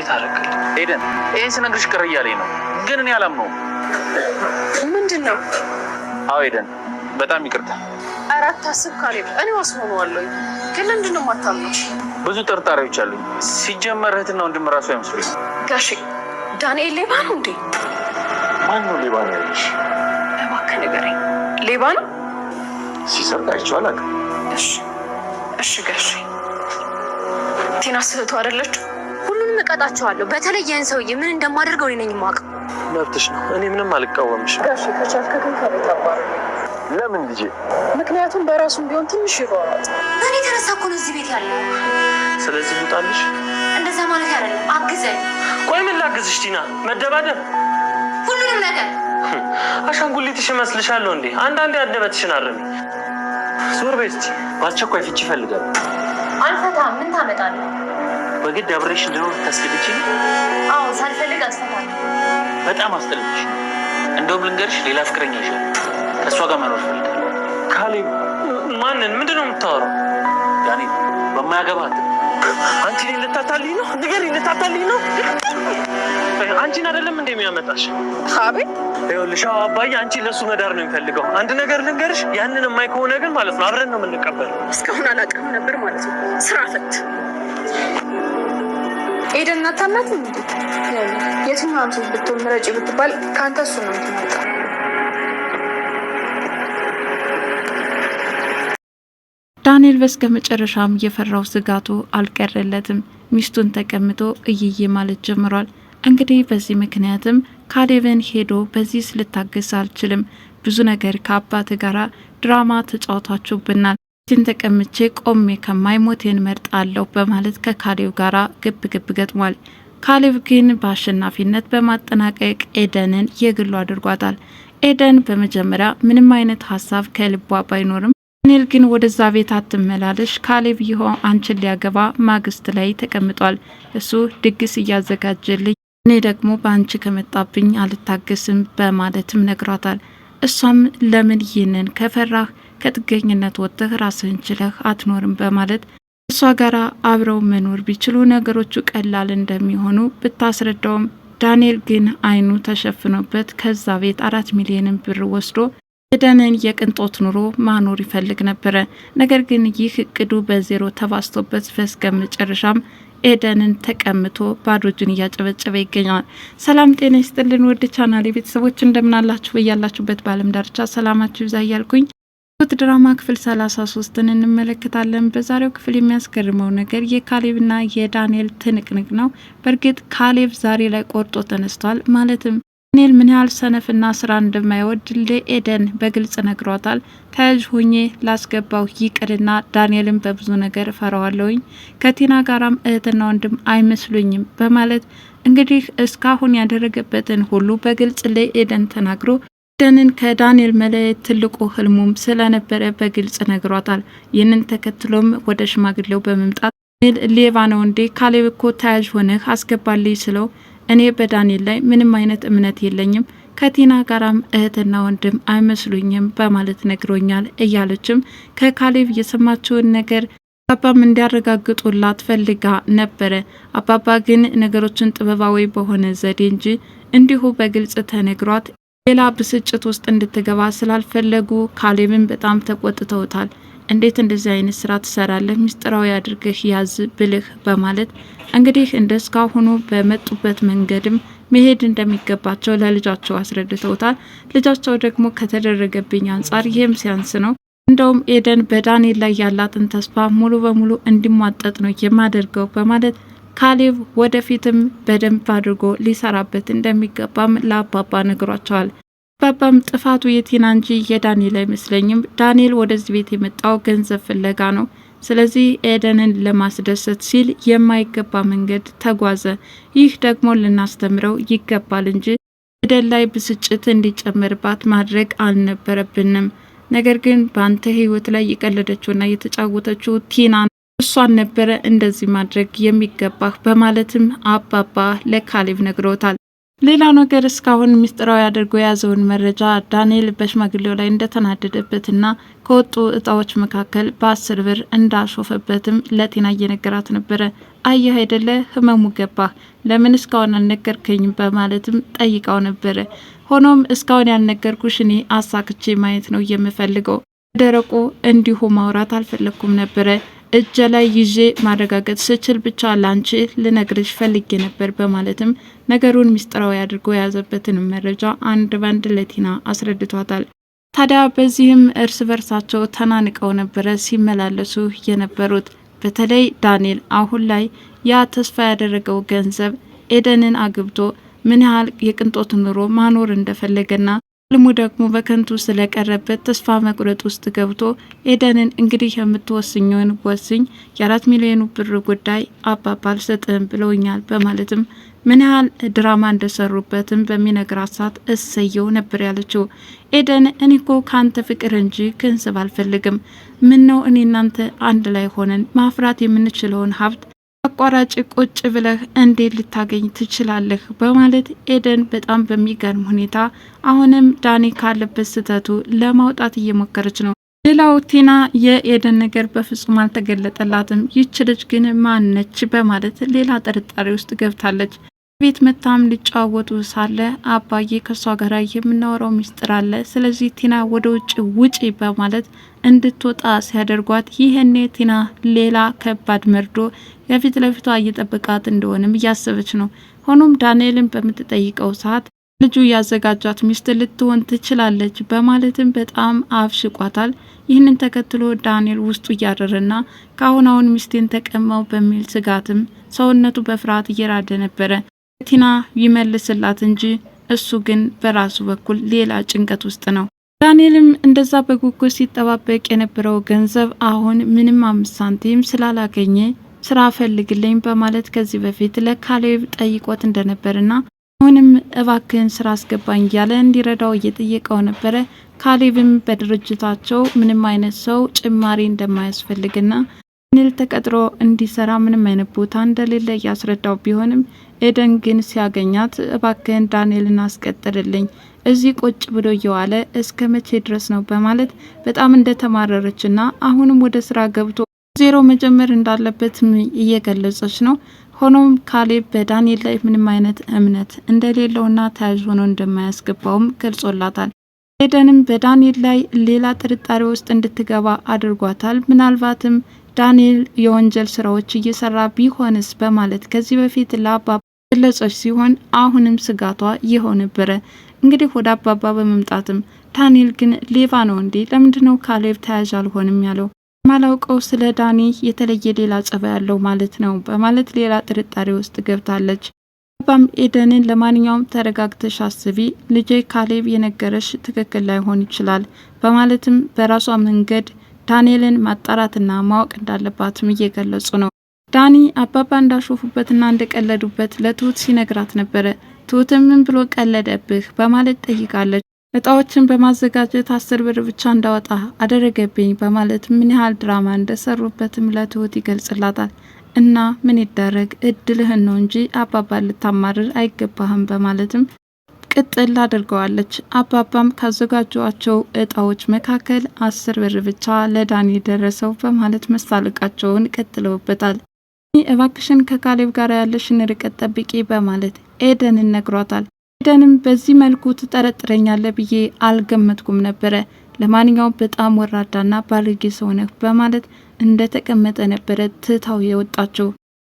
እንዴት አደረግል? ኤደን ይህን ስነግርሽ ቅር እያለኝ ነው፣ ግን እኔ አላምነውም። ምንድን ነው? አዎ ኤደን በጣም ይቅርታ። አራት አስብ ካሌብ፣ እኔ ዋስ ሆነዋለሁ፣ ግን ምንድን ነው የማታምነው? ብዙ ጥርጣሬዎች አሉኝ። ሲጀመር እህትና ወንድም ራሱ አይመስሉኝ። ጋሽ ዳንኤል ሌባ ነው እንዴ? ማን ነው ሌባ ነው ያለሽ? እባክህ ንገረኝ። ሌባ ነው ሲሰርቅ አይቼው አላውቅም። እሺ እሺ ጋሽ ቴና ስህቱ አይደለችው ሁሉንም እቀጣቸዋለሁ። በተለይ ይህን ሰውዬ ምን እንደማደርገው እኔ ነኝ የማውቀው። መብትሽ ነው። እኔ ምንም አልቃወምሽ። ጋሽ ከቻልክ ግን ከቤት ለምን ልጄ? ምክንያቱም በራሱም ቢሆን ትንሽ ይሯሯጥ። እኔ ተነሳ እኮ ነው እዚህ ቤት ያለው። ስለዚህ ልውጣልሽ? እንደዛ ማለት ያለ አግዘኝ። ቆይ ምን ላግዝሽ? ቲና መደባደብ፣ ሁሉንም ነገር አሻንጉሊትሽ እመስልሻለሁ እንዴ? አንዳንዴ አንደበትሽን አረሚ። ዞር በይ እስቲ። በአስቸኳይ ፍቺ ይፈልጋል። አልፈታ ምን ታመጣለህ? በግድ አብሬሽ እንድኖር ታስገድች? አዎ፣ ሳልፈልግ አስተማሪ በጣም አስጠልች። እንደውም ልንገርሽ፣ ሌላ ፍቅረኛ ይሻል። ከእሷ ጋር መኖር ፈልጋለሁ። ካሌብ፣ ማንን? ምንድን ነው የምታወራው? ያኔ በማያገባት አንቺ ላይ ልታታልኝ ነው? ንገሪ፣ ልታታልኝ ነው? አንቺን አይደለም እንደ የሚያመጣሽ አቤት ይኸውልሽ አባዬ አንቺ ለእሱ መዳር ነው የሚፈልገው አንድ ነገር ልንገርሽ ያንን የማይ ከሆነ ግን ማለት ነው አብረን ነው የምንቀበል እስካሁን አላውቅም ነበር ማለት ነው ስራ ፈት ኤደን እናታናት እንዴ? የትኛውን ሴት ብትሆን ምረጭ ብትባል ከአንተ እሱ ነው ትመጣ። ዳንኤል በስከ መጨረሻም የፈራው ስጋቱ አልቀረለትም። ሚስቱን ተቀምጦ እይዬ ማለት ጀምሯል። እንግዲህ በዚህ ምክንያትም ካሌብን ሄዶ በዚህ ስልታገስ አልችልም፣ ብዙ ነገር ከአባት ጋራ ድራማ ተጫውታችሁብናል ን ተቀምቼ ቆሜ ከማይሞቴን መርጣለሁ በማለት ከካሌብ ጋራ ግብ ግብ ገጥሟል። ካሌብ ግን በአሸናፊነት በማጠናቀቅ ኤደንን የግሉ አድርጓታል። ኤደን በመጀመሪያ ምንም አይነት ሀሳብ ከልቧ ባይኖርም ኔል ግን ወደዛ ቤት አትመላለሽ፣ ካሌብ ይሆ አንቺን ሊያገባ ማግስት ላይ ተቀምጧል። እሱ ድግስ እያዘጋጀልኝ፣ እኔ ደግሞ በአንቺ ከመጣብኝ አልታገስም በማለትም ነግሯታል። እሷም ለምን ይህንን ከፈራህ ከጥገኝነት ወጥተህ ራስህን ችለህ አትኖርም በማለት እሷ ጋር አብረው መኖር ቢችሉ ነገሮቹ ቀላል እንደሚሆኑ ብታስረዳውም ዳንኤል ግን አይኑ ተሸፍኖበት ከዛ ቤት አራት ሚሊዮንን ብር ወስዶ የደንን የቅንጦት ኑሮ ማኖር ይፈልግ ነበረ። ነገር ግን ይህ እቅዱ በዜሮ ተባስቶበት በስተ መጨረሻም ኤደንን ተቀምቶ ባዶ እጁን እያጨበጨበ ይገኛል። ሰላም ጤና ይስጥልን ውድ ቻናሌ ቤተሰቦች እንደምናላችሁ፣ በያላችሁበት በዓለም ዳርቻ ሰላማችሁ ይብዛ እያልኩኝ ትሁት ድራማ ክፍል 33ን እንመለከታለን። በዛሬው ክፍል የሚያስገርመው ነገር የካሌብና የዳንኤል ትንቅንቅ ነው። በእርግጥ ካሌብ ዛሬ ላይ ቆርጦ ተነስቷል። ማለትም ዳንኤል ምን ያህል ሰነፍና ስራ እንደማይወድ ለኤደን በግልጽ ነግሯታል። ተያዥ ሆኜ ላስገባው ይቅርና ዳንኤልን በብዙ ነገር እፈራዋለሁኝ፣ ከቲና ጋራም እህትና ወንድም አይመስሉኝም በማለት እንግዲህ እስካሁን ያደረገበትን ሁሉ በግልጽ ለኤደን ተናግሮ ደንን ከዳንኤል መለየት ትልቁ ህልሙም ስለነበረ በግልጽ ነግሯታል። ይህንን ተከትሎም ወደ ሽማግሌው በመምጣት ዳንኤል ሌባ ነው እንዴ? ካሌብ እኮ ተያዥ ሆነህ አስገባልኝ ስለው እኔ በዳንኤል ላይ ምንም አይነት እምነት የለኝም ከቲና ጋራም እህትና ወንድም አይመስሉኝም በማለት ነግሮኛል እያለችም ከካሌብ የሰማችውን ነገር አባም እንዲያረጋግጡላት ፈልጋ ነበረ። አባባ ግን ነገሮችን ጥበባዊ በሆነ ዘዴ እንጂ እንዲሁ በግልጽ ተነግሯት ሌላ ብስጭት ውስጥ እንድትገባ ስላልፈለጉ ካሌብን በጣም ተቆጥተውታል። እንዴት እንደዚህ አይነት ስራ ትሰራለህ? ሚስጥራዊ አድርገህ ያዝ ብልህ በማለት እንግዲህ እንደ እስካሁኑ በመጡበት መንገድም መሄድ እንደሚገባቸው ለልጃቸው አስረድተውታል። ልጃቸው ደግሞ ከተደረገብኝ አንጻር ይህም ሲያንስ ነው እንደውም ኤደን በዳንኤል ላይ ያላትን ተስፋ ሙሉ በሙሉ እንዲሟጠጥ ነው የማደርገው በማለት ካሌብ ወደፊትም በደንብ አድርጎ ሊሰራበት እንደሚገባም ለአባባ ነግሯቸዋል። አባባም ጥፋቱ የቲና እንጂ የዳንኤል አይመስለኝም። ዳንኤል ወደዚህ ቤት የመጣው ገንዘብ ፍለጋ ነው። ስለዚህ ኤደንን ለማስደሰት ሲል የማይገባ መንገድ ተጓዘ። ይህ ደግሞ ልናስተምረው ይገባል እንጂ ኤደን ላይ ብስጭት እንዲጨመርባት ማድረግ አልነበረብንም። ነገር ግን በአንተ ህይወት ላይ የቀለደችውና የተጫወተችው ቲና እሷን ነበረ እንደዚህ ማድረግ የሚገባህ በማለትም አባባ ለካሌብ ነግረውታል። ሌላው ነገር እስካሁን ምስጢራዊ አድርጎ የያዘውን መረጃ ዳንኤል በሽማግሌው ላይ እንደተናደደበትና ከወጡ እጣዎች መካከል በአስር ብር እንዳሾፈበትም ለቴና እየነገራት ነበረ። አየህ አይደለ ህመሙ ገባህ፣ ለምን እስካሁን አልነገርከኝም? በማለትም ጠይቃው ነበረ። ሆኖም እስካሁን ያልነገርኩሽ እኔ አሳክቼ ማየት ነው የምፈልገው፣ ደረቁ እንዲሁ ማውራት አልፈለግኩም ነበረ እጀ ላይ ይዤ ማረጋገጥ ስችል ብቻ ላንቺ ልነግርሽ ፈልጌ ነበር በማለትም ነገሩን ሚስጥራዊ አድርጎ የያዘበትን መረጃ አንድ ባንድ ለቲና አስረድቷታል። ታዲያ በዚህም እርስ በርሳቸው ተናንቀው ነበረ ሲመላለሱ የነበሩት። በተለይ ዳንኤል አሁን ላይ ያ ተስፋ ያደረገው ገንዘብ ኤደንን አግብቶ ምን ያህል የቅንጦት ኑሮ ማኖር እንደፈለገና ህልሙ ደግሞ በከንቱ ስለቀረበት ተስፋ መቁረጥ ውስጥ ገብቶ ኤደንን እንግዲህ የምትወስኘውን ወስኝ፣ የአራት ሚሊዮኑ ብር ጉዳይ አባባ አልሰጥህም ብለውኛል በማለትም ምን ያህል ድራማ እንደሰሩበትም በሚነግራት ሰዓት እሰየው ነበር ያለችው። ኤደን እኔ እኮ ከአንተ ፍቅር እንጂ ገንዘብ አልፈልግም። ምን ነው እኔ እናንተ አንድ ላይ ሆነን ማፍራት የምንችለውን ሀብት አቋራጭ ቁጭ ብለህ እንዴት ልታገኝ ትችላለህ? በማለት ኤደን በጣም በሚገርም ሁኔታ አሁንም ዳኒ ካለበት ስህተቱ ለማውጣት እየሞከረች ነው። ሌላው ቲና የኤደን ነገር በፍጹም አልተገለጠላትም። ይች ልጅ ግን ማነች? በማለት ሌላ ጥርጣሬ ውስጥ ገብታለች። ቤት መታም ሊጫወቱ ሳለ አባዬ ከእሷ ጋር የምናወራው ሚስጥር አለ፣ ስለዚህ ቲና ወደ ውጭ ውጪ በማለት እንድትወጣ ሲያደርጓት ይህኔ ቲና ሌላ ከባድ መርዶ የፊት ለፊቷ እየጠበቃት እንደሆነም እያሰበች ነው። ሆኖም ዳንኤልን በምትጠይቀው ሰዓት ልጁ ያዘጋጇት ሚስት ልትሆን ትችላለች በማለትም በጣም አፍሽቋታል። ይህንን ተከትሎ ዳንኤል ውስጡ እያረረና ከአሁን አሁን ሚስቴን ተቀማው በሚል ስጋትም ሰውነቱ በፍርሃት እየራደ ነበረ። ቲና ይመልስላት እንጂ እሱ ግን በራሱ በኩል ሌላ ጭንቀት ውስጥ ነው። ዳንኤልም እንደዛ በጉጉት ሲጠባበቅ የነበረው ገንዘብ አሁን ምንም አምስት ሳንቲም ስላላገኘ ስራ ፈልግልኝ በማለት ከዚህ በፊት ለካሌብ ጠይቆት እንደነበርና አሁንም እባክህን ስራ አስገባኝ እያለ እንዲረዳው እየጠየቀው ነበረ። ካሌብም በድርጅታቸው ምንም አይነት ሰው ጭማሪ እንደማያስፈልግና ኒል ተቀጥሮ እንዲሰራ ምንም አይነት ቦታ እንደሌለ እያስረዳው ቢሆንም ኤደን ግን ሲያገኛት እባክህን ዳንኤልን አስቀጥርልኝ እዚህ ቁጭ ብሎ እየዋለ እስከ መቼ ድረስ ነው በማለት በጣም እንደተማረረችና አሁንም ወደ ስራ ገብቶ ዜሮ መጀመር እንዳለበትም እየገለጸች ነው። ሆኖም ካሌብ በዳንኤል ላይ ምንም አይነት እምነት እንደሌለውና ተያዥ ሆኖ እንደማያስገባውም ገልጾላታል። ኤደንም በዳንኤል ላይ ሌላ ጥርጣሬ ውስጥ እንድትገባ አድርጓታል። ምናልባትም ዳንኤል የወንጀል ስራዎች እየሰራ ቢሆንስ በማለት ከዚህ በፊት ለአባ ገለጸች ሲሆን አሁንም ስጋቷ ይኸው ነበረ። እንግዲህ ወደ አባባ በመምጣትም ዳንኤል ግን ሌባ ነው እንዴ? ለምንድን ነው ካሌብ ተያዥ አልሆንም ያለው? ማላውቀው ስለ ዳኒ የተለየ ሌላ ጸባ ያለው ማለት ነው በማለት ሌላ ጥርጣሬ ውስጥ ገብታለች። አባም ኤደንን ለማንኛውም ተረጋግተሽ አስቢ፣ ልጄ ካሌብ የነገረሽ ትክክል ላይሆን ይችላል በማለትም በራሷ መንገድ ዳንኤልን ማጣራትና ማወቅ እንዳለባትም እየገለጹ ነው። ዳኒ አባባ እንዳሾፉበትና እንደቀለዱበት ለትሁት ሲነግራት ነበረ። ትሁትም ምን ብሎ ቀለደብህ በማለት ጠይቃለች። እጣዎችን በማዘጋጀት አስር ብር ብቻ እንዳወጣ አደረገብኝ በማለት ምን ያህል ድራማ እንደሰሩበትም ለትሁት ይገልጽላታል። እና ምን ይደረግ እድልህን ነው እንጂ አባባ ልታማርር አይገባህም በማለትም ቅጥል አድርገዋለች። አባባም ካዘጋጇቸው እጣዎች መካከል አስር ብር ብቻ ለዳኒ ደረሰው በማለት መስታለቃቸውን ቀጥለውበታል። እባክሽን ከካሌብ ጋር ያለሽን ርቀት ጠብቂ በማለት ኤደንን ነግሯታል። ኤደንም በዚህ መልኩ ትጠረጥረኛለ ብዬ አልገመትኩም ነበረ፣ ለማንኛውም በጣም ወራዳና ባለጌ ሰው ነህ በማለት እንደተቀመጠ ነበረ ትታው የወጣችው።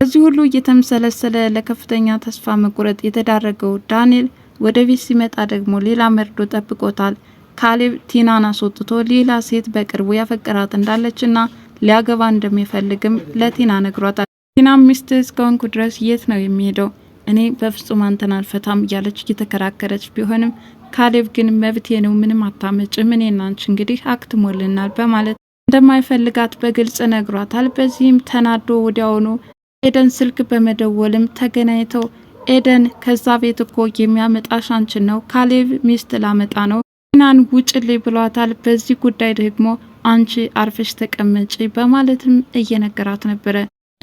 በዚህ ሁሉ እየተምሰለሰለ ለከፍተኛ ተስፋ መቁረጥ የተዳረገው ዳንኤል ወደ ቤት ሲመጣ ደግሞ ሌላ መርዶ ጠብቆታል። ካሌብ ቲናን አስወጥቶ ሌላ ሴት በቅርቡ ያፈቀራት እንዳለችና ሊያገባ እንደሚፈልግም ለቲና ነግሯታል። ቲናም ሚስት እስከሆንኩ ድረስ የት ነው የሚሄደው? እኔ በፍጹም አንተን አልፈታም እያለች እየተከራከረች ቢሆንም ካሌብ ግን መብቴ ነው፣ ምንም አታመጭ፣ እኔና አንቺ እንግዲህ አክትሞልናል በማለት እንደማይፈልጋት በግልጽ ነግሯታል። በዚህም ተናዶ ወዲያውኑ ኤደን ስልክ በመደወልም ተገናኝተው ኤደን ከዛ ቤት እኮ የሚያመጣሽ አንቺን ነው፣ ካሌብ ሚስት ላመጣ ነው ናን ውጭልኝ ብሏታል። በዚህ ጉዳይ ደግሞ አንቺ አርፈሽ ተቀመጪ በማለትም እየነገራት ነበረ።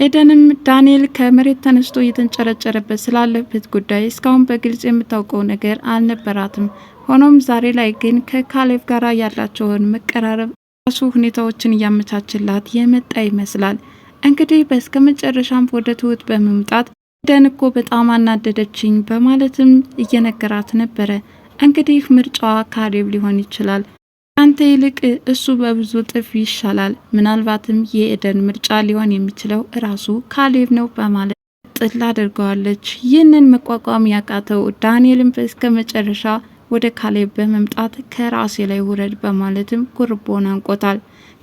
ኤደንም ዳንኤል ከመሬት ተነስቶ እየተንጨረጨረበት ስላለበት ጉዳይ እስካሁን በግልጽ የምታውቀው ነገር አልነበራትም። ሆኖም ዛሬ ላይ ግን ከካሌብ ጋር ያላቸውን መቀራረብ ራሱ ሁኔታዎችን እያመቻችላት የመጣ ይመስላል። እንግዲህ በስከ መጨረሻም ወደ ትሁት በመምጣት ደን እኮ በጣም አናደደችኝ በማለትም እየነገራት ነበረ። እንግዲህ ምርጫዋ ካሌብ ሊሆን ይችላል። ከአንተ ይልቅ እሱ በብዙ ጥፍ ይሻላል። ምናልባትም የኤደን ምርጫ ሊሆን የሚችለው እራሱ ካሌብ ነው በማለት ጥል አድርገዋለች። ይህንን መቋቋም ያቃተው ዳንኤልም እስከ መጨረሻ ወደ ካሌብ በመምጣት ከራሴ ላይ ውረድ በማለትም ጉርቦን አንቆታል።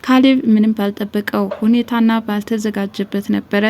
ካሌብ ምንም ባልጠበቀው ሁኔታና ባልተዘጋጀበት ነበረ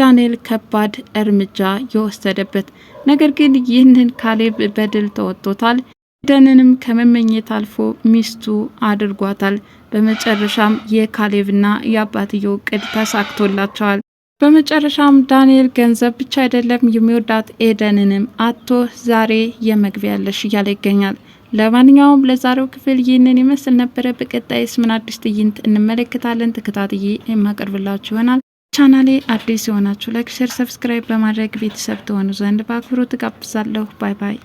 ዳንኤል ከባድ እርምጃ የወሰደበት ነገር ግን ይህንን ካሌብ በድል ተወጥቶታል። ኤደንንም ከመመኘት አልፎ ሚስቱ አድርጓታል። በመጨረሻም የካሌብና የአባትየው እቅድ ተሳክቶላቸዋል። በመጨረሻም ዳንኤል ገንዘብ ብቻ አይደለም የሚወዳት ኤደንንም አቶ ዛሬ የመግቢያ ያለሽ እያለ ይገኛል። ለማንኛውም ለዛሬው ክፍል ይህንን ይመስል ነበረ። በቀጣይስ ምን አዲስ ትዕይንት እንመለከታለን? ተከታትዬ የማቀርብላችሁ ይሆናል። ቻናሌ አዲስ የሆናችሁ ላይክ፣ ሼር፣ ሰብስክራይብ በማድረግ ቤተሰብ ትሆኑ ዘንድ በአክብሮት ጋብዛለሁ። ባይ ባይ።